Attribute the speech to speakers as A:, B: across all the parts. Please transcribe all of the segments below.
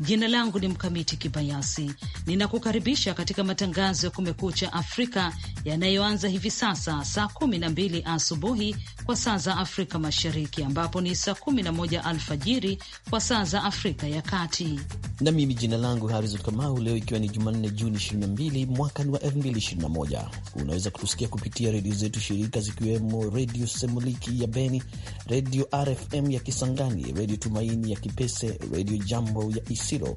A: Jina langu ni Mkamiti Kibayasi, ninakukaribisha katika matangazo ya Kumekucha Afrika yanayoanza hivi sasa saa 12 asubuhi kwa saa za Afrika Mashariki, ambapo ni saa 11 alfajiri kwa saa za Afrika ya Kati.
B: Na mimi jina langu Harizon Kamau. Leo ikiwa ni Jumanne, Juni 22 mwaka wa 2021, unaweza kutusikia kupitia redio zetu shirika zikiwemo Redio Semuliki ya Beni, Redio RFM ya Kisangani, Redio Tumaini ya Kipese, Redio Jambo ya Isiro,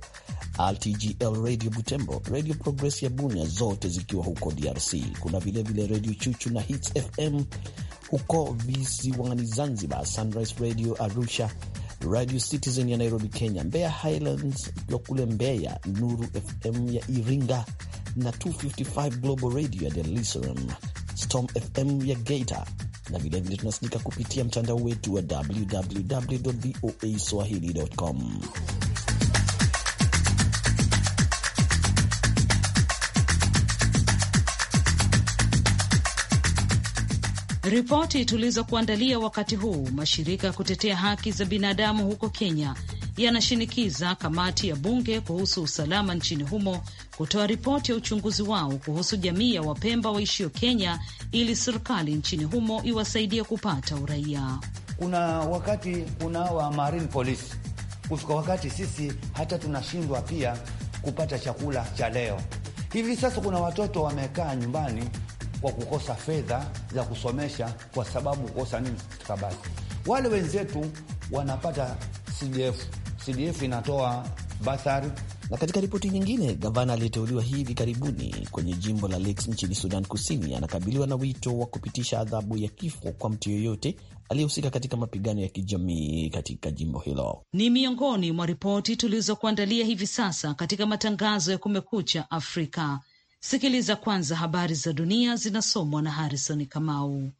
B: RTGL Redio Butembo, Redio Progress ya Bunia, zote zikiwa huko DRC. Kuna vilevile Redio Chuchu na Hits FM huko visiwani Zanzibar, Sunrise Radio Arusha, Radio Citizen ya Nairobi Kenya, Mbeya Highlands ya kule Mbeya, Nuru FM ya Iringa na 255 Global Radio ya Dar es Salaam, Storm FM ya Geita na vilevile tunasikika kupitia mtandao wetu wa www voa swahili.com.
A: Ripoti tulizokuandalia wakati huu, mashirika ya kutetea haki za binadamu huko Kenya yanashinikiza kamati ya bunge kuhusu usalama nchini humo kutoa ripoti ya uchunguzi wao kuhusu jamii ya Wapemba waishio Kenya ili serikali nchini humo iwasaidie kupata uraia.
B: Kuna wakati kuna wa marine police, kufika wakati sisi hata tunashindwa pia kupata chakula cha leo. Hivi sasa kuna watoto wamekaa nyumbani kwa kukosa fedha za kusomesha kwa sababu kukosa nini, stakabadhi. Wale wenzetu wanapata CDF. CDF inatoa bathari na katika ripoti nyingine, gavana aliyeteuliwa hivi karibuni kwenye jimbo la Lakes nchini Sudan Kusini anakabiliwa na wito wa kupitisha adhabu ya kifo kwa mtu yoyote aliyehusika katika mapigano ya kijamii katika jimbo hilo.
A: Ni miongoni mwa ripoti tulizokuandalia hivi sasa katika matangazo ya Kumekucha Afrika. Sikiliza kwanza habari za dunia zinasomwa na Harrison Kamau.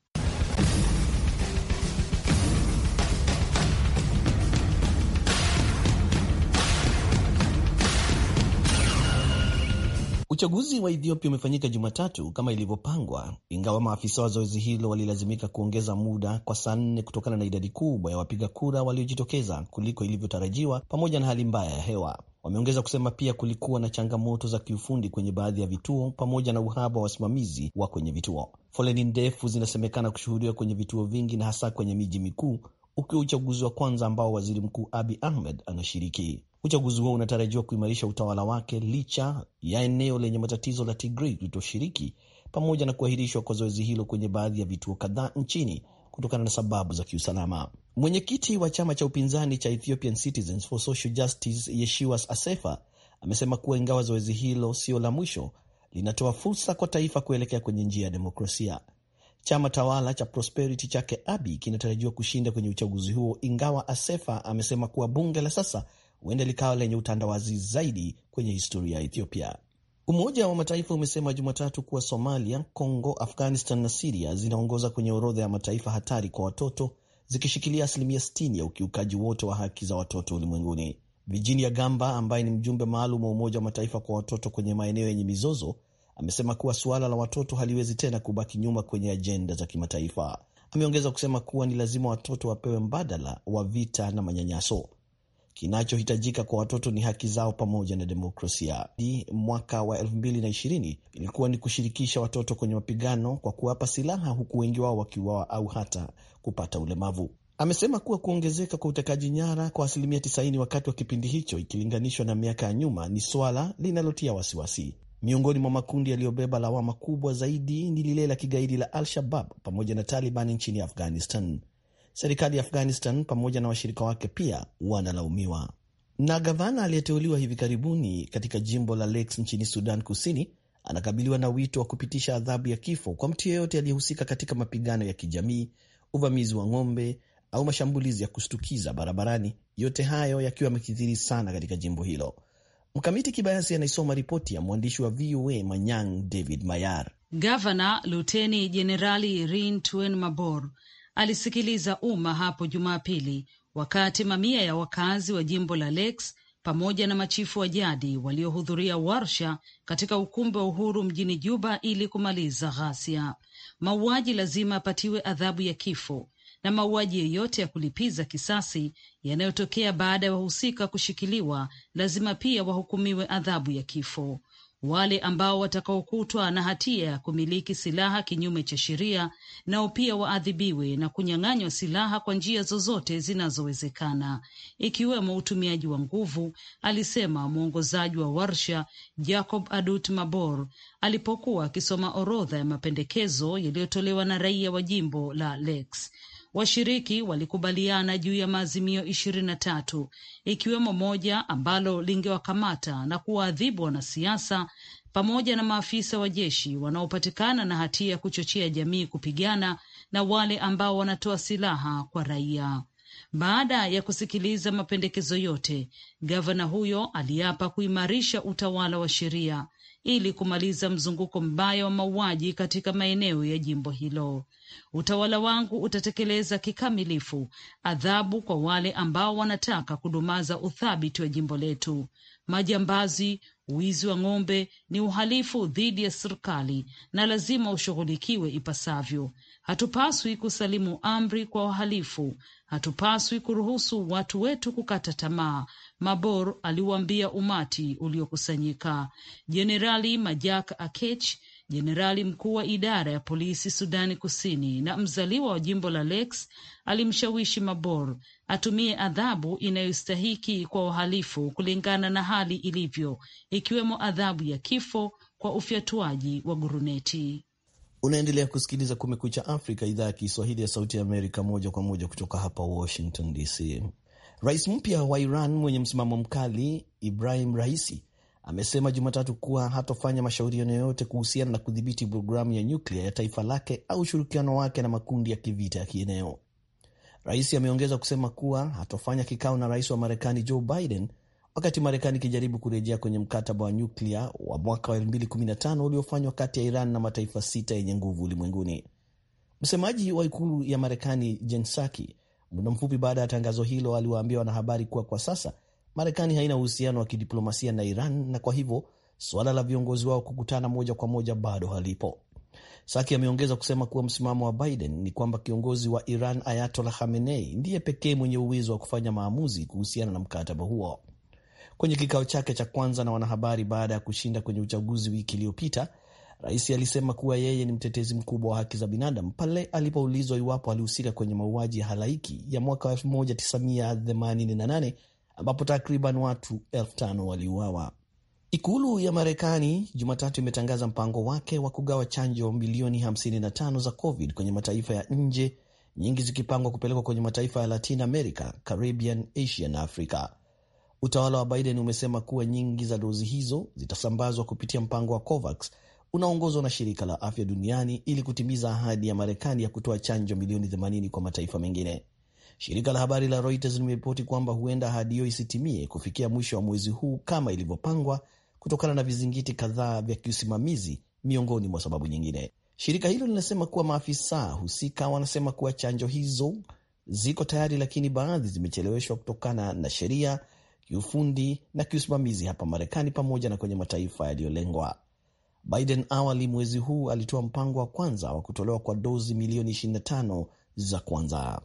B: Uchaguzi wa Ethiopia umefanyika Jumatatu kama ilivyopangwa, ingawa maafisa wa zoezi hilo walilazimika kuongeza muda kwa saa nne kutokana na idadi kubwa ya wapiga kura waliojitokeza kuliko ilivyotarajiwa pamoja na hali mbaya ya hewa. Wameongeza kusema pia kulikuwa na changamoto za kiufundi kwenye baadhi ya vituo pamoja na uhaba wa wasimamizi wa kwenye vituo. Foleni ndefu zinasemekana kushuhudiwa kwenye vituo vingi na hasa kwenye miji mikuu, ukiwa uchaguzi wa kwanza ambao waziri mkuu abi Ahmed anashiriki. Uchaguzi huo unatarajiwa kuimarisha utawala wake licha ya eneo lenye matatizo la Tigray kutoshiriki pamoja na kuahirishwa kwa zoezi hilo kwenye baadhi ya vituo kadhaa nchini kutokana na sababu za kiusalama. Mwenyekiti wa chama cha upinzani cha Ethiopian Citizens for Social Justice Yeshiwas Asefa amesema kuwa ingawa zoezi hilo sio la mwisho, linatoa fursa kwa taifa kuelekea kwenye njia ya demokrasia. Chama tawala cha Prosperity chake Abi kinatarajiwa kushinda kwenye uchaguzi huo, ingawa Asefa amesema kuwa bunge la sasa huenda likawa lenye utandawazi zaidi kwenye historia ya Ethiopia. Umoja wa Mataifa umesema Jumatatu kuwa Somalia, Congo, Afghanistan na Siria zinaongoza kwenye orodha ya mataifa hatari kwa watoto zikishikilia asilimia 60 ya ukiukaji wote wa haki za watoto ulimwenguni. Virginia Gamba ambaye ni mjumbe maalum wa Umoja wa Mataifa kwa watoto kwenye maeneo yenye mizozo amesema kuwa suala la watoto haliwezi tena kubaki nyuma kwenye ajenda za kimataifa. Ameongeza kusema kuwa ni lazima watoto wapewe mbadala wa vita na manyanyaso. Kinachohitajika kwa watoto ni haki zao pamoja na demokrasia. Di mwaka wa 2020 ilikuwa ni kushirikisha watoto kwenye mapigano kwa kuwapa silaha, huku wengi wao wakiuawa au hata kupata ulemavu. Amesema kuwa kuongezeka kwa utekaji nyara kwa asilimia 90 wakati wa kipindi hicho ikilinganishwa na miaka ya nyuma ni swala linalotia wasiwasi. Miongoni mwa makundi yaliyobeba lawama kubwa zaidi ni lile la kigaidi la Al-Shabab pamoja na Taliban nchini Afghanistan. Serikali ya Afghanistan pamoja na washirika wake pia wanalaumiwa. Na gavana aliyeteuliwa hivi karibuni katika jimbo la Lakes nchini Sudan Kusini anakabiliwa na wito wa kupitisha adhabu ya kifo kwa mtu yeyote aliyehusika katika mapigano ya kijamii, uvamizi wa ng'ombe au mashambulizi ya kushtukiza barabarani, yote hayo yakiwa yamekithiri sana katika jimbo hilo. Mkamiti Kibayasi anaisoma ripoti ya mwandishi wa VOA Manyang David Mayar.
A: Gavana Luteni Jenerali Rin Tuen Mabor alisikiliza umma hapo Jumapili wakati mamia ya wakazi wa jimbo la Lakes pamoja na machifu wa jadi waliohudhuria warsha katika ukumbi wa Uhuru mjini Juba ili kumaliza ghasia. Mauaji lazima apatiwe adhabu ya kifo na mauaji yeyote ya kulipiza kisasi yanayotokea baada ya wahusika kushikiliwa lazima pia wahukumiwe adhabu ya kifo. Wale ambao watakaokutwa na hatia ya kumiliki silaha kinyume cha sheria nao pia waadhibiwe na kunyang'anywa silaha kwa njia zozote zinazowezekana, ikiwemo utumiaji wa nguvu, alisema mwongozaji wa warsha Jacob Adut Mabor alipokuwa akisoma orodha ya mapendekezo yaliyotolewa na raia wa jimbo la Lakes Washiriki walikubaliana juu ya maazimio ishirini na tatu ikiwemo moja ambalo lingewakamata na kuwaadhibu wanasiasa pamoja na maafisa wa jeshi wanaopatikana na hatia ya kuchochea jamii kupigana na wale ambao wanatoa silaha kwa raia. Baada ya kusikiliza mapendekezo yote, gavana huyo aliapa kuimarisha utawala wa sheria ili kumaliza mzunguko mbaya wa mauaji katika maeneo ya jimbo hilo. Utawala wangu utatekeleza kikamilifu adhabu kwa wale ambao wanataka kudumaza uthabiti wa jimbo letu. Majambazi, wizi wa ng'ombe ni uhalifu dhidi ya serikali na lazima ushughulikiwe ipasavyo. Hatupaswi kusalimu amri kwa wahalifu, hatupaswi kuruhusu watu wetu kukata tamaa, Mabor aliuambia umati uliokusanyika. Jenerali Majak Akech Jenerali mkuu wa idara ya polisi Sudani Kusini na mzaliwa wa jimbo la Lakes alimshawishi Mabor atumie adhabu inayostahiki kwa uhalifu kulingana na hali ilivyo, ikiwemo adhabu ya kifo kwa ufyatuaji wa guruneti.
B: Unaendelea kusikiliza Kumekucha Afrika, idhaa ya Kiswahili ya Sauti ya Amerika, moja kwa moja kutoka hapa Washington DC. Rais mpya wa Iran mwenye msimamo mkali Ibrahim Raisi amesema Jumatatu kuwa hatofanya mashauriano yoyote kuhusiana na kudhibiti programu ya nyuklia ya taifa lake au ushirikiano wake na makundi ya kivita ya kieneo. Rais ameongeza kusema kuwa hatofanya kikao na rais wa Marekani Joe Biden wakati Marekani ikijaribu kurejea kwenye mkataba wa nyuklia wa mwaka wa 2015 uliofanywa kati ya Iran na mataifa sita yenye nguvu ulimwenguni. Msemaji wa ikulu ya Marekani Jen Psaki muda mfupi baada ya tangazo hilo aliwaambia wanahabari kuwa kwa sasa Marekani haina uhusiano wa kidiplomasia na Iran na kwa hivyo suala la viongozi wao kukutana moja kwa moja bado halipo. Saki ameongeza kusema kuwa msimamo wa Biden ni kwamba kiongozi wa Iran Ayatollah Khamenei ndiye pekee mwenye uwezo wa kufanya maamuzi kuhusiana na mkataba huo. Kwenye kikao chake cha kwanza na wanahabari baada ya kushinda kwenye uchaguzi wiki iliyopita, rais alisema kuwa yeye ni mtetezi mkubwa wa haki za binadamu pale alipoulizwa iwapo alihusika kwenye mauaji ya halaiki ya mwaka 1988 ambapo takriban watu elfu tano waliuawa. Ikulu ya Marekani Jumatatu imetangaza mpango wake wa kugawa chanjo milioni 55 za COVID kwenye mataifa ya nje, nyingi zikipangwa kupelekwa kwenye mataifa ya Latin America, Caribbean, Asia na Afrika. Utawala wa Biden umesema kuwa nyingi za dozi hizo zitasambazwa kupitia mpango wa COVAX unaongozwa na shirika la afya duniani ili kutimiza ahadi ya Marekani ya kutoa chanjo milioni 80 kwa mataifa mengine. Shirika la habari la Reuters limeripoti kwamba huenda ahadi hiyo isitimie kufikia mwisho wa mwezi huu kama ilivyopangwa, kutokana na vizingiti kadhaa vya kiusimamizi, miongoni mwa sababu nyingine. Shirika hilo linasema kuwa maafisa husika wanasema kuwa chanjo hizo ziko tayari, lakini baadhi zimecheleweshwa kutokana na sheria, kiufundi na kiusimamizi hapa Marekani pamoja na kwenye mataifa yaliyolengwa. Biden awali mwezi huu alitoa mpango wa kwanza wa kutolewa kwa dozi milioni 25 za kwanza.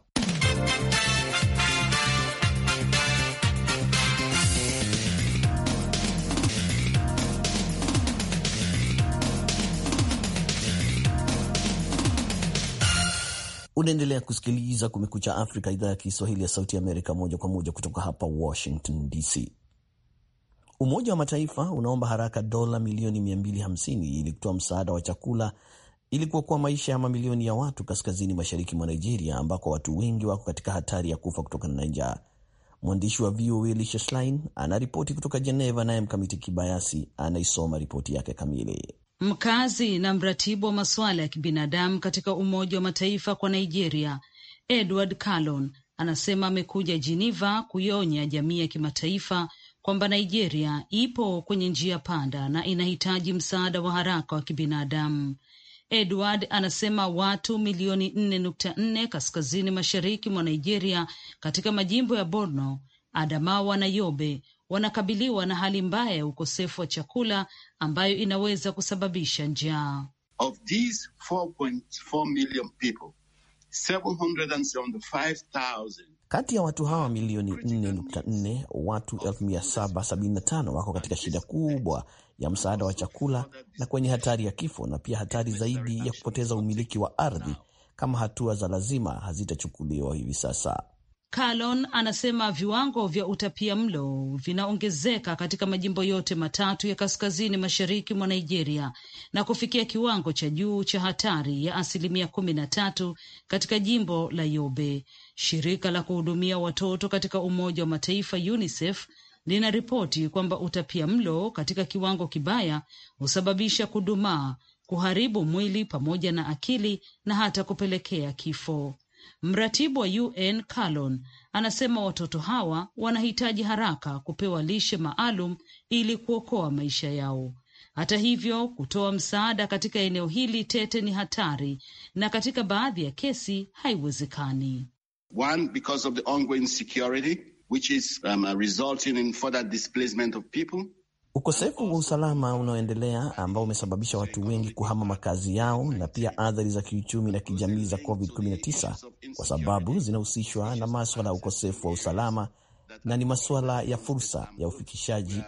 B: Unaendelea kusikiliza Kumekucha Afrika, idhaa ya Kiswahili ya Sauti Amerika, moja kwa moja kutoka hapa Washington DC. Umoja wa Mataifa unaomba haraka dola milioni 250 ili kutoa msaada wa chakula ili kuokoa maisha ya mamilioni ya watu kaskazini mashariki mwa Nigeria, ambako watu wengi wako katika hatari ya kufa kutokana na njaa. Mwandishi wa VOA Lisha Schlein anaripoti kutoka Jeneva, naye Mkamiti Kibayasi anaisoma ripoti yake kamili.
A: Mkazi na mratibu wa masuala ya kibinadamu katika Umoja wa Mataifa kwa Nigeria, Edward Calon, anasema amekuja Geneva kuionya jamii ya kimataifa kwamba Nigeria ipo kwenye njia panda na inahitaji msaada wa haraka wa kibinadamu. Edward anasema watu milioni nne nukta nne kaskazini mashariki mwa Nigeria, katika majimbo ya Borno, Adamawa na Yobe wanakabiliwa na hali mbaya ya ukosefu wa chakula ambayo inaweza kusababisha njaa.
C: Of these 4.4 million people, 775,000
A: kati ya watu hawa milioni
B: 4.4 watu 775,000 wako katika shida kubwa ya msaada wa chakula na kwenye hatari ya kifo na pia hatari zaidi ya kupoteza umiliki wa ardhi kama hatua za lazima hazitachukuliwa hivi sasa.
A: Kalon anasema viwango vya utapia mlo vinaongezeka katika majimbo yote matatu ya kaskazini mashariki mwa Nigeria na kufikia kiwango cha juu cha hatari ya asilimia kumi na tatu katika jimbo la Yobe. Shirika la kuhudumia watoto katika Umoja wa Mataifa UNICEF linaripoti kwamba utapia mlo katika kiwango kibaya husababisha kudumaa, kuharibu mwili pamoja na akili na hata kupelekea kifo. Mratibu wa UN Calon anasema watoto hawa wanahitaji haraka kupewa lishe maalum ili kuokoa maisha yao. Hata hivyo, kutoa msaada katika eneo hili tete ni hatari na katika baadhi ya kesi haiwezekani.
B: One, because of the ongoing security which is um, uh, resulting in further displacement of people.
A: Ukosefu wa usalama
B: unaoendelea ambao umesababisha watu wengi kuhama makazi yao na pia athari za kiuchumi na kijamii za COVID-19 kwa sababu zinahusishwa na maswala ya ukosefu wa usalama na ni masuala ya fursa ya ufikishaji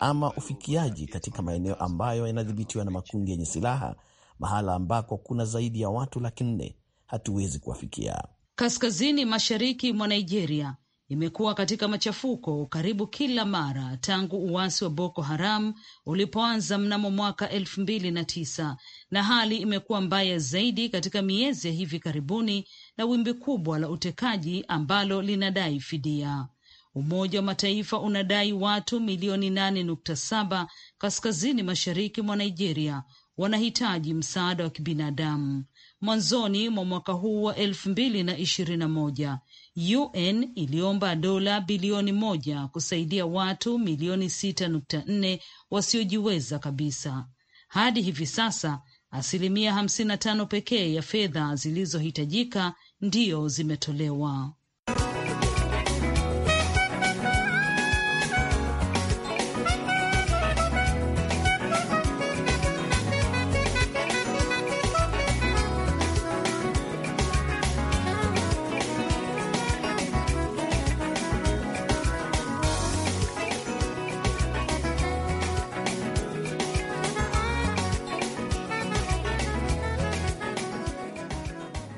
B: ama ufikiaji katika maeneo ambayo yanadhibitiwa na makundi yenye silaha, mahala ambako kuna zaidi ya watu laki nne hatuwezi kuwafikia.
A: Kaskazini mashariki mwa Nigeria imekuwa katika machafuko karibu kila mara tangu uasi wa Boko Haram ulipoanza mnamo mwaka elfu mbili na tisa na hali imekuwa mbaya zaidi katika miezi ya hivi karibuni na wimbi kubwa la utekaji ambalo linadai fidia. Umoja wa Mataifa unadai watu milioni nane nukta saba kaskazini mashariki mwa Nigeria wanahitaji msaada wa kibinadamu. Mwanzoni mwa mwaka huu wa elfu mbili na ishirini na moja UN iliomba dola bilioni moja kusaidia watu milioni sita nukta nne wasiojiweza kabisa. Hadi hivi sasa asilimia hamsini na tano pekee ya fedha zilizohitajika ndiyo zimetolewa.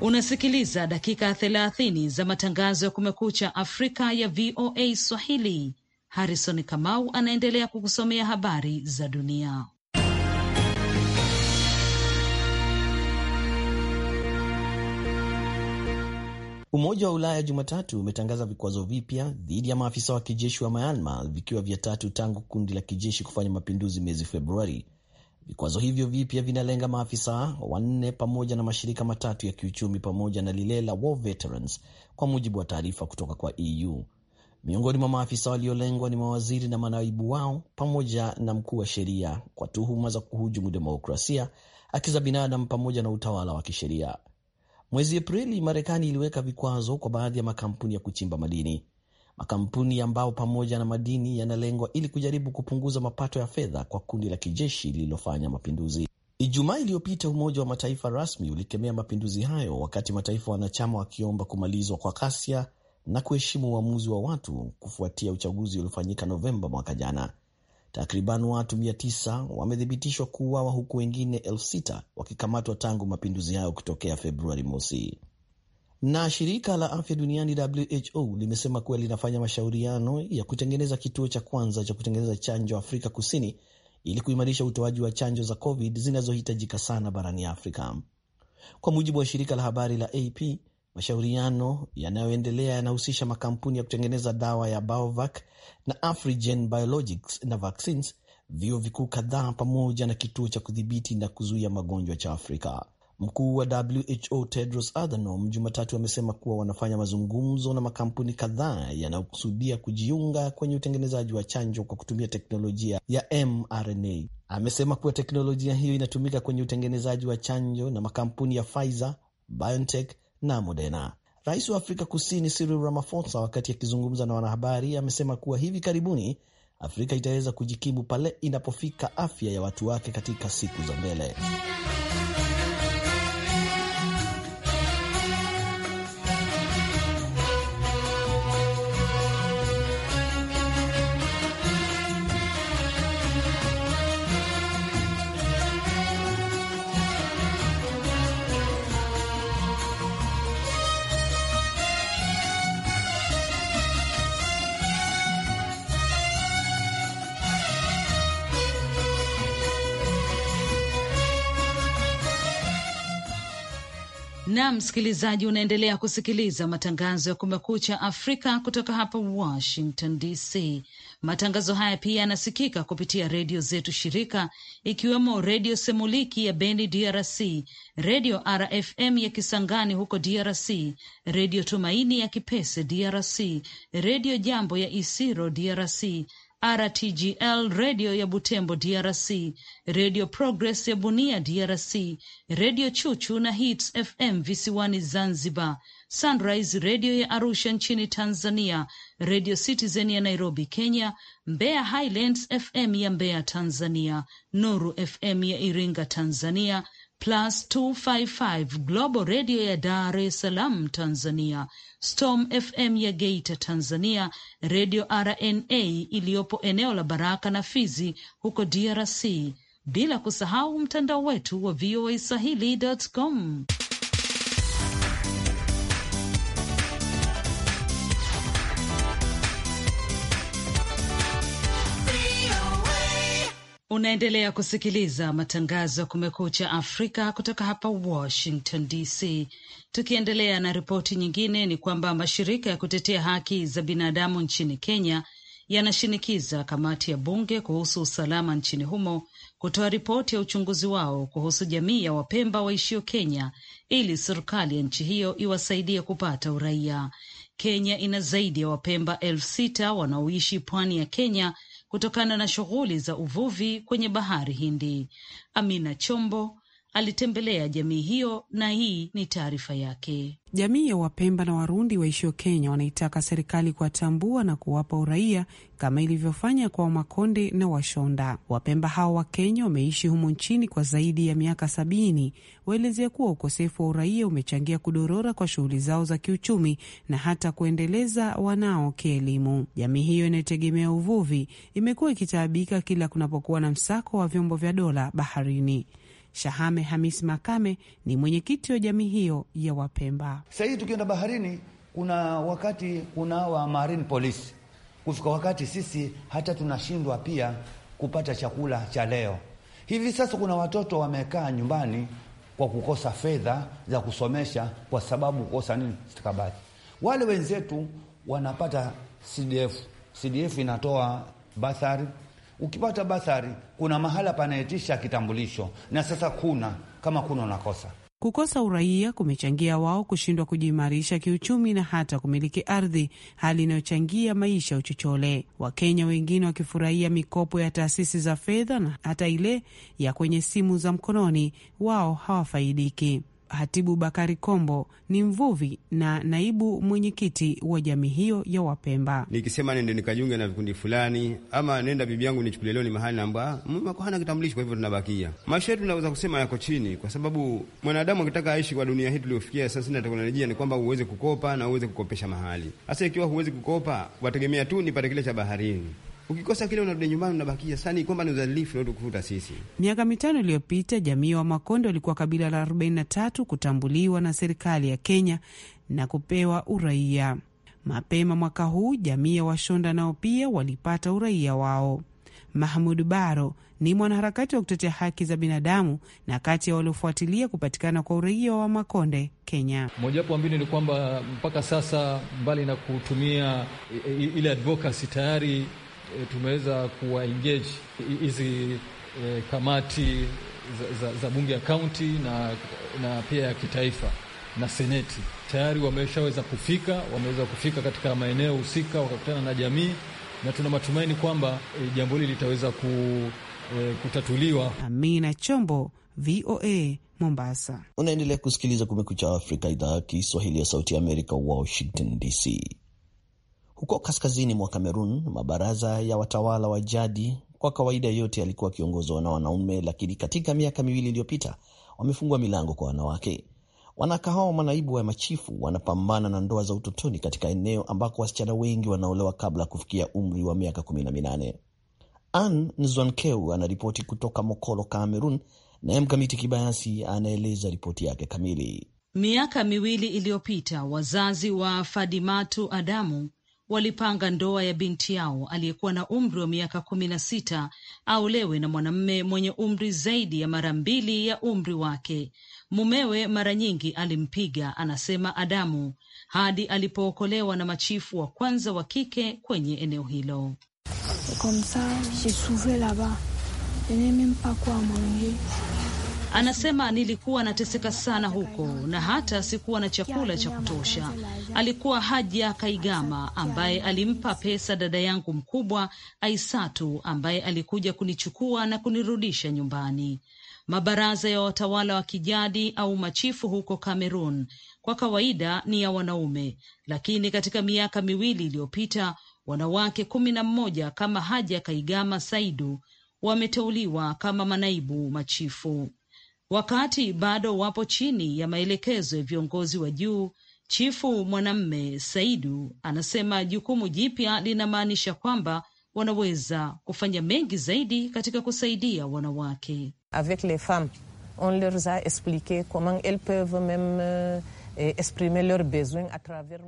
A: Unasikiliza dakika 30 za matangazo ya Kumekucha Afrika ya VOA Swahili. Harrison Kamau anaendelea kukusomea habari za dunia.
B: Umoja wa Ulaya Jumatatu umetangaza vikwazo vipya dhidi ya maafisa wa kijeshi wa Myanmar, vikiwa vya tatu tangu kundi la kijeshi kufanya mapinduzi mwezi Februari, Vikwazo hivyo vipya vinalenga maafisa wanne pamoja na mashirika matatu ya kiuchumi pamoja na lile la War Veterans, kwa mujibu wa taarifa kutoka kwa EU. Miongoni mwa maafisa waliolengwa ni mawaziri na manaibu wao pamoja na mkuu wa sheria kwa tuhuma za kuhujumu demokrasia, haki za binadamu pamoja na utawala wa kisheria. Mwezi Aprili, Marekani iliweka vikwazo kwa baadhi ya makampuni ya kuchimba madini makampuni ambao pamoja na madini yanalengwa ili kujaribu kupunguza mapato ya fedha kwa kundi la kijeshi lililofanya mapinduzi. Ijumaa iliyopita Umoja wa Mataifa rasmi ulikemea mapinduzi hayo, wakati mataifa wanachama wakiomba kumalizwa kwa ghasia na kuheshimu uamuzi wa watu kufuatia uchaguzi uliofanyika Novemba mwaka jana. Takriban watu 900 wamethibitishwa kuuawa huku wengine 6 wakikamatwa tangu mapinduzi hayo kutokea Februari mosi. Na shirika la afya duniani WHO limesema kuwa linafanya mashauriano ya kutengeneza kituo cha kwanza cha kutengeneza chanjo Afrika Kusini ili kuimarisha utoaji wa chanjo za COVID zinazohitajika sana barani Afrika. Kwa mujibu wa shirika la habari la AP, mashauriano yanayoendelea yanahusisha makampuni ya kutengeneza dawa ya Biovac na Afrigen Biologics na Vaccines, vyuo vikuu kadhaa, pamoja na kituo cha kudhibiti na kuzuia magonjwa cha Afrika. Mkuu wa WHO Tedros Adhanom Jumatatu amesema kuwa wanafanya mazungumzo na makampuni kadhaa yanayokusudia kujiunga kwenye utengenezaji wa chanjo kwa kutumia teknolojia ya mRNA. Amesema kuwa teknolojia hiyo inatumika kwenye utengenezaji wa chanjo na makampuni ya Pfizer, BioNTech na Moderna. Rais wa Afrika Kusini Cyril Ramaphosa, wakati akizungumza na wanahabari, amesema kuwa hivi karibuni Afrika itaweza kujikimu pale inapofika afya ya watu wake katika siku za mbele.
A: na msikilizaji, unaendelea kusikiliza matangazo ya Kumekucha Afrika kutoka hapa Washington DC. Matangazo haya pia yanasikika kupitia redio zetu shirika, ikiwemo Redio Semuliki ya Beni DRC, Redio RFM ya Kisangani huko DRC, Redio Tumaini ya Kipese DRC, Redio Jambo ya Isiro DRC, RTGL redio ya Butembo DRC, redio Progress ya Bunia DRC, redio Chuchu na Hits FM visiwani Zanzibar, Sunrise redio ya Arusha nchini Tanzania, redio Citizen ya Nairobi Kenya, Mbeya Highlands FM ya Mbeya Tanzania, Nuru FM ya Iringa Tanzania, plus 255 Global Radio ya Dar es Salaam Tanzania, Storm FM ya Geita Tanzania, Radio RNA iliyopo eneo la Baraka na Fizi huko DRC, bila kusahau mtandao wetu wa VOA Swahili.com. Unaendelea kusikiliza matangazo ya Kumekucha Afrika kutoka hapa Washington DC. Tukiendelea na ripoti nyingine, ni kwamba mashirika ya kutetea haki za binadamu nchini Kenya yanashinikiza kamati ya bunge kuhusu usalama nchini humo kutoa ripoti ya uchunguzi wao kuhusu jamii ya Wapemba waishio Kenya ili serikali ya nchi hiyo iwasaidie kupata uraia. Kenya ina zaidi ya Wapemba elfu sita wanaoishi pwani ya Kenya kutokana na shughuli za uvuvi kwenye bahari Hindi. Amina Chombo alitembelea jamii hiyo na hii ni taarifa yake.
C: Jamii ya Wapemba na Warundi waishio Kenya wanaitaka serikali kuwatambua na kuwapa uraia kama ilivyofanya kwa Wamakonde na Washonda. Wapemba hao wa Kenya wameishi humo nchini kwa zaidi ya miaka sabini. Waelezea kuwa ukosefu wa uraia umechangia kudorora kwa shughuli zao za kiuchumi na hata kuendeleza wanao kielimu. Jamii hiyo inayotegemea uvuvi imekuwa ikitaabika kila kunapokuwa na msako wa vyombo vya dola baharini. Shahame Hamis Makame ni mwenyekiti wa jamii hiyo ya Wapemba.
B: Sasa tukienda baharini, kuna wakati kuna wa marine police, kufika wakati sisi hata tunashindwa pia kupata chakula cha leo. Hivi sasa kuna watoto wamekaa nyumbani kwa kukosa fedha za kusomesha,
C: kwa sababu kukosa nini, stakabadhi. Wale wenzetu wanapata CDF. CDF inatoa bathari Ukipata bathari, kuna mahala panayetisha kitambulisho, na sasa kuna kama kuna unakosa Kukosa uraia kumechangia wao kushindwa kujiimarisha kiuchumi na hata kumiliki ardhi, hali inayochangia maisha uchochole. Wakenya wengine wakifurahia mikopo ya taasisi za fedha na hata ile ya kwenye simu za mkononi, wao hawafaidiki. Hatibu Bakari Kombo ni mvuvi na naibu mwenyekiti wa jamii hiyo ya Wapemba. Nikisema nende nikajiunge na vikundi fulani, ama nenda bibi yangu nichukulie leo, ni mahali namba mako hana kitambulisho, kwa hivyo tunabakia. Maisha yetu naweza kusema yako chini, kwa sababu mwanadamu akitaka aishi kwa dunia hii tuliofikia sasa na teknolojia, ni kwamba uweze kukopa na uweze kukopesha mahali. Sasa ikiwa huwezi kukopa, wategemea tu nipate kile cha baharini Ukikosa kile unarudi nyumbani unabakia sani kwamba ni udhalifu tukufuta sisi. Miaka mitano iliyopita jamii wa makonde walikuwa kabila la 43 kutambuliwa na serikali ya Kenya na kupewa uraia. Mapema mwaka huu jamii ya Washonda nao pia walipata uraia wao. Mahmud Baro ni mwanaharakati wa kutetea haki za binadamu na kati ya waliofuatilia kupatikana kwa uraia wa Makonde Kenya.
A: Mojawapo mbinu ni kwamba mpaka sasa, mbali na kutumia ile advocacy, tayari e, tumeweza engage hizi e, kamati za, za, za bunge ya kaunti na, na pia ya kitaifa na seneti tayari wameshaweza kufika, wameweza kufika katika maeneo husika wakakutana na jamii, na tuna matumaini kwamba e, jambo hili litaweza ku, e, kutatuliwa.
C: Amina Chombo, VOA Mombasa.
B: Unaendelea kusikiliza Kumekucha Afrika, idhaa ya Kiswahili ya Sauti ya Amerika, Washington DC. Huko kaskazini mwa Kamerun, mabaraza ya watawala wa jadi kwa kawaida yote yalikuwa akiongozwa na wanaume, lakini katika miaka miwili iliyopita wamefungua milango kwa wanawake. Wanawake hao manaibu wa machifu wanapambana na ndoa za utotoni katika eneo ambako wasichana wengi wanaolewa kabla ya kufikia umri wa miaka kumi na minane Ann Nzwankeu anaripoti kutoka Mokolo, Kamerun, naye Mkamiti Kibayasi anaeleza ripoti yake kamili.
A: Miaka miwili iliyopita wazazi wa Fadimatu Adamu walipanga ndoa ya binti yao aliyekuwa na umri wa miaka kumi na sita aolewe na mwanamume mwenye umri zaidi ya mara mbili ya umri wake. Mumewe mara nyingi alimpiga, anasema Adamu, hadi alipookolewa na machifu wa kwanza wa kike kwenye eneo hilo. Anasema nilikuwa nateseka sana huko na hata sikuwa na chakula cha kutosha. Alikuwa Haja Kaigama ambaye alimpa pesa dada yangu mkubwa Aisatu ambaye alikuja kunichukua na kunirudisha nyumbani. Mabaraza ya watawala wa kijadi au machifu huko Kamerun kwa kawaida ni ya wanaume, lakini katika miaka miwili iliyopita wanawake kumi na mmoja kama Haja Kaigama Saidu wameteuliwa kama manaibu machifu wakati bado wapo chini ya maelekezo ya viongozi wa juu. Chifu mwanamme Saidu anasema jukumu jipya linamaanisha kwamba wanaweza kufanya mengi zaidi katika kusaidia
C: wanawake Avec les femmes, on leur a Eh,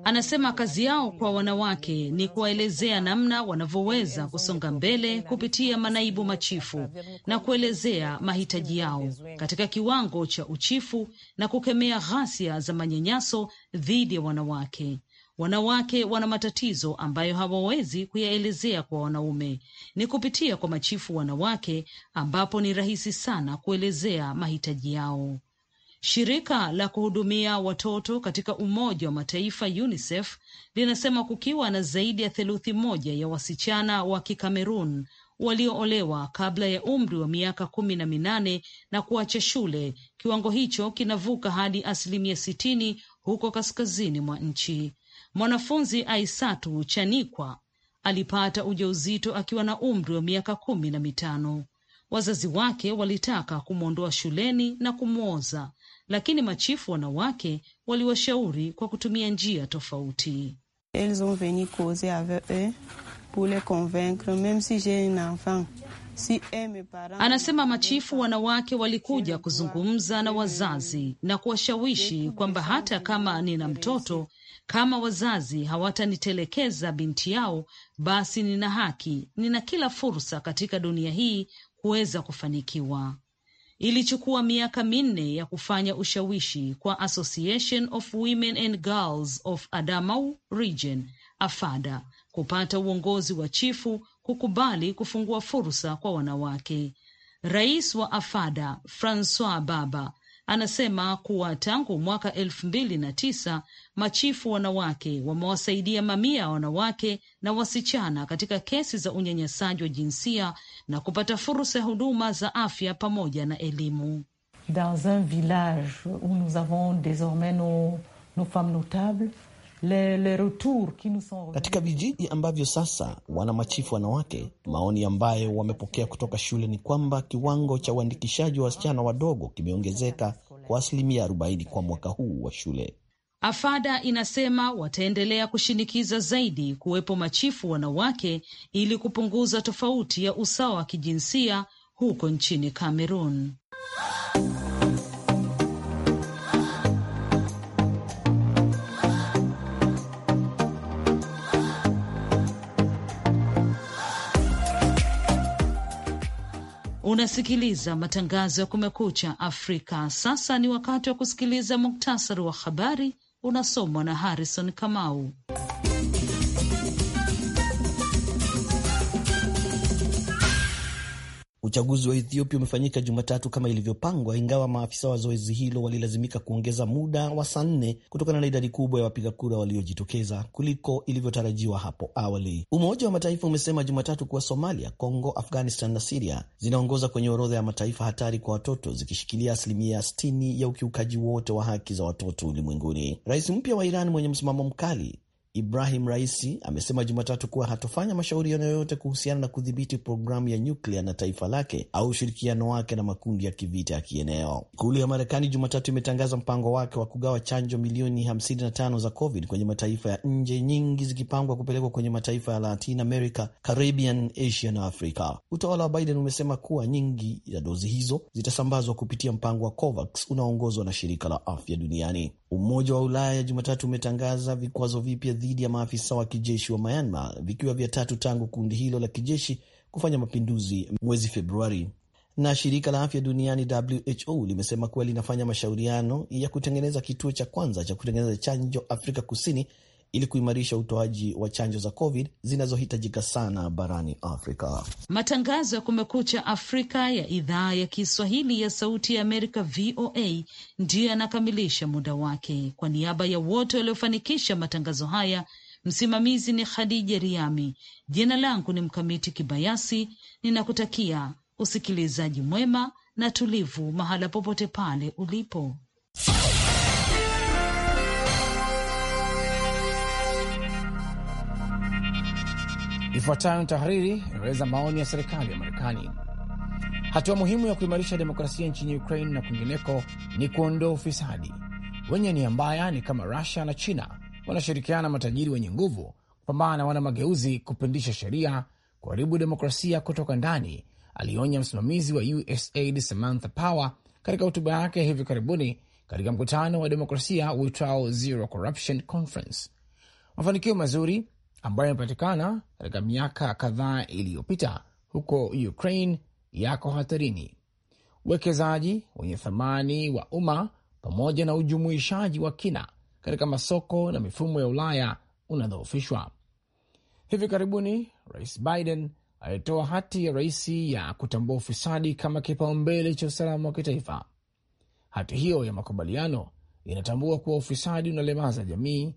A: Anasema kazi yao kwa wanawake ni kuwaelezea namna wanavyoweza kusonga mbele kupitia manaibu machifu na kuelezea mahitaji yao katika kiwango cha uchifu na kukemea ghasia za manyanyaso dhidi ya wanawake. Wanawake wana matatizo ambayo hawawezi kuyaelezea kwa wanaume. Ni kupitia kwa machifu wanawake ambapo ni rahisi sana kuelezea mahitaji yao. Shirika la kuhudumia watoto katika Umoja wa Mataifa UNICEF linasema kukiwa na zaidi ya theluthi moja ya wasichana wa Kikamerun walioolewa kabla ya umri wa miaka kumi na minane na kuacha shule. Kiwango hicho kinavuka hadi asilimia sitini huko kaskazini mwa nchi. Mwanafunzi Aisatu Chanikwa alipata ujauzito akiwa na umri wa miaka kumi na mitano. Wazazi wake walitaka kumwondoa shuleni na kumwoza, lakini machifu wanawake waliwashauri kwa kutumia njia tofauti. Elles ont venu causer avec eux pour les convaincre même si j'ai un enfant Anasema machifu wanawake walikuja kuzungumza na wazazi na kuwashawishi kwamba hata kama nina mtoto, kama wazazi hawatanitelekeza binti yao, basi nina haki, nina kila fursa katika dunia hii kuweza kufanikiwa. Ilichukua miaka minne ya kufanya ushawishi kwa Association of Women and Girls of Adamawa Region AFADA kupata uongozi wa chifu kukubali kufungua fursa kwa wanawake. Rais wa AFADA Francois Baba anasema kuwa tangu mwaka elfu mbili na tisa machifu wanawake wamewasaidia mamia ya wanawake na wasichana katika kesi za unyanyasaji wa jinsia na kupata fursa ya huduma za afya pamoja na elimu. Dans un village où nous avons désormais nos,
C: nos femmes notables le, le retour qui nous sont katika vijiji ambavyo
B: sasa wana machifu wanawake. Maoni ambayo wamepokea kutoka shule ni kwamba kiwango cha uandikishaji wa wasichana wadogo kimeongezeka kwa asilimia 40 kwa mwaka huu wa shule.
A: Afada inasema wataendelea kushinikiza zaidi kuwepo machifu wanawake ili kupunguza tofauti ya usawa wa kijinsia huko nchini Kamerun. Unasikiliza matangazo ya Kumekucha Afrika. Sasa ni wakati wa kusikiliza muktasari wa habari unasomwa na Harrison Kamau.
B: Uchaguzi wa Ethiopia umefanyika Jumatatu kama ilivyopangwa, ingawa maafisa wa zoezi hilo walilazimika kuongeza muda wa saa nne kutokana na idadi kubwa ya wapiga kura waliojitokeza kuliko ilivyotarajiwa hapo awali. Umoja wa Mataifa umesema Jumatatu kuwa Somalia, congo Afghanistan na Siria zinaongoza kwenye orodha ya mataifa hatari kwa watoto, zikishikilia asilimia 60 ya ukiukaji wote wa haki za watoto ulimwenguni. Rais mpya wa Iran mwenye msimamo mkali Ibrahim Raisi amesema Jumatatu kuwa hatofanya mashauriano yoyote kuhusiana na kudhibiti programu ya nyuklia na taifa lake au ushirikiano wake na makundi ya kivita ya kieneo. Ikulu ya Marekani Jumatatu imetangaza mpango wake wa kugawa chanjo milioni 55 za COVID kwenye mataifa ya nje, nyingi zikipangwa kupelekwa kwenye mataifa ya Latin America, Caribbean, Asia na Afrika. Utawala wa Biden umesema kuwa nyingi ya dozi hizo zitasambazwa kupitia mpango wa COVAX unaoongozwa na shirika la afya duniani. Umoja wa Ulaya Jumatatu umetangaza vikwazo vipya dhidi ya maafisa wa kijeshi wa Myanmar, vikiwa vya tatu tangu kundi hilo la kijeshi kufanya mapinduzi mwezi Februari. Na shirika la afya duniani WHO limesema kuwa linafanya mashauriano ya kutengeneza kituo cha kwanza cha kutengeneza chanjo Afrika Kusini ili kuimarisha utoaji wa chanjo za COVID zinazohitajika sana barani Afrika.
A: Matangazo ya Kumekucha Afrika ya idhaa ya Kiswahili ya Sauti ya Amerika, VOA, ndiyo yanakamilisha muda wake. Kwa niaba ya wote waliofanikisha matangazo haya, msimamizi ni Khadija Riami, jina langu ni Mkamiti Kibayasi, ninakutakia usikilizaji mwema na tulivu mahala popote pale ulipo.
D: Ifuatayo ni tahariri inaeleza maoni ya serikali ya Marekani. Hatua muhimu ya kuimarisha demokrasia nchini Ukraine na kwingineko ni kuondoa ufisadi. Wenye nia mbaya ni kama Rusia na China wanashirikiana matajiri wenye nguvu kupambana na wana mageuzi, kupindisha sheria, kuharibu demokrasia kutoka ndani, alionya msimamizi wa USAID Samantha Power katika hotuba yake hivi karibuni katika mkutano wa demokrasia uitwao Zero Corruption Conference. Mafanikio mazuri ambayo imepatikana katika miaka kadhaa iliyopita huko Ukraine yako hatarini. Uwekezaji wenye thamani wa umma pamoja na ujumuishaji wa kina katika masoko na mifumo ya Ulaya unadhoofishwa. Hivi karibuni Rais Biden alitoa hati ya rais ya kutambua ufisadi kama kipaumbele cha usalama wa kitaifa. Hati hiyo ya makubaliano inatambua kuwa ufisadi unalemaza jamii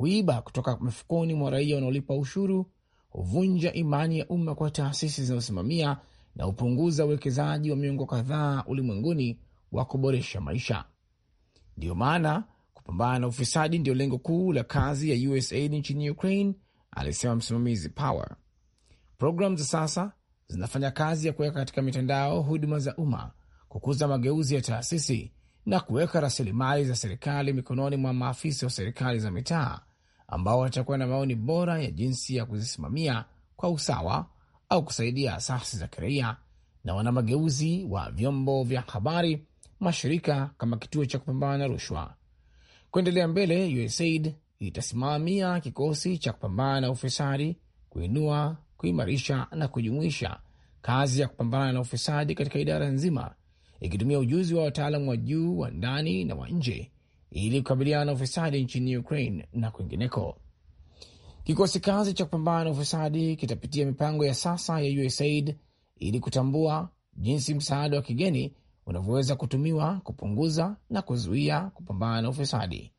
D: kuiba kutoka mifukoni mwa raia wanaolipa ushuru huvunja imani ya umma kwa taasisi zinazosimamia na hupunguza uwekezaji wa miongo kadhaa ulimwenguni wa kuboresha maisha. Ndiyo maana kupambana na ufisadi ndiyo lengo kuu la kazi ya USAID nchini Ukraine, alisema msimamizi Power. Programu za sasa zinafanya kazi ya kuweka katika mitandao huduma za umma, kukuza mageuzi ya taasisi na kuweka rasilimali za serikali mikononi mwa maafisa wa serikali za mitaa ambao watakuwa na maoni bora ya jinsi ya kuzisimamia kwa usawa au kusaidia asasi za kiraia na wana mageuzi wa vyombo vya habari, mashirika kama kituo cha kupambana na rushwa. Kuendelea mbele, USAID itasimamia kikosi cha kupambana na ufisadi, kuinua, kuimarisha na kujumuisha kazi ya kupambana na ufisadi katika idara nzima, ikitumia ujuzi wa wataalamu wa juu wa ndani na wa nje ili kukabiliana na ufisadi nchini Ukraine na kwingineko. Kikosi kazi cha kupambana na ufisadi kitapitia mipango ya sasa ya USAID ili kutambua jinsi msaada wa kigeni unavyoweza kutumiwa kupunguza na kuzuia kupambana na ufisadi.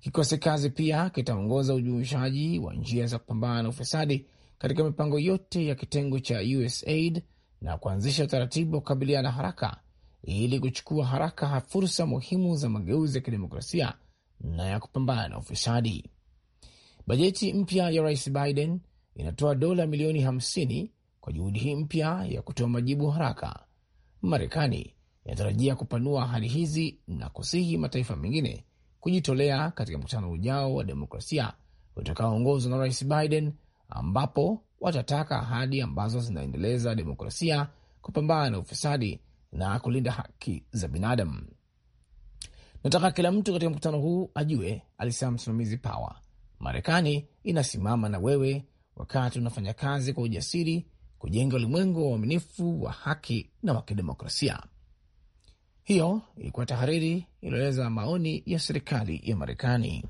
D: Kikosi kazi pia kitaongoza ujumuishaji wa njia za kupambana na ufisadi katika mipango yote ya kitengo cha USAID na kuanzisha utaratibu wa kukabiliana haraka ili kuchukua haraka fursa muhimu za mageuzi ya kidemokrasia na ya kupambana na ufisadi. Bajeti mpya ya Rais Biden inatoa dola milioni 50 kwa juhudi hii mpya ya kutoa majibu haraka. Marekani inatarajia kupanua ahadi hizi na kusihi mataifa mengine kujitolea katika mkutano ujao wa demokrasia utakaoongozwa na Rais Biden, ambapo watataka ahadi ambazo zinaendeleza demokrasia, kupambana na ufisadi na kulinda haki za binadamu. Nataka kila mtu katika mkutano huu ajue, alisema msimamizi Power, Marekani inasimama na wewe wakati unafanya kazi kwa ujasiri kujenga ulimwengu wa uaminifu wa haki na wa kidemokrasia. Hiyo ilikuwa tahariri iliyoeleza maoni ya serikali ya Marekani.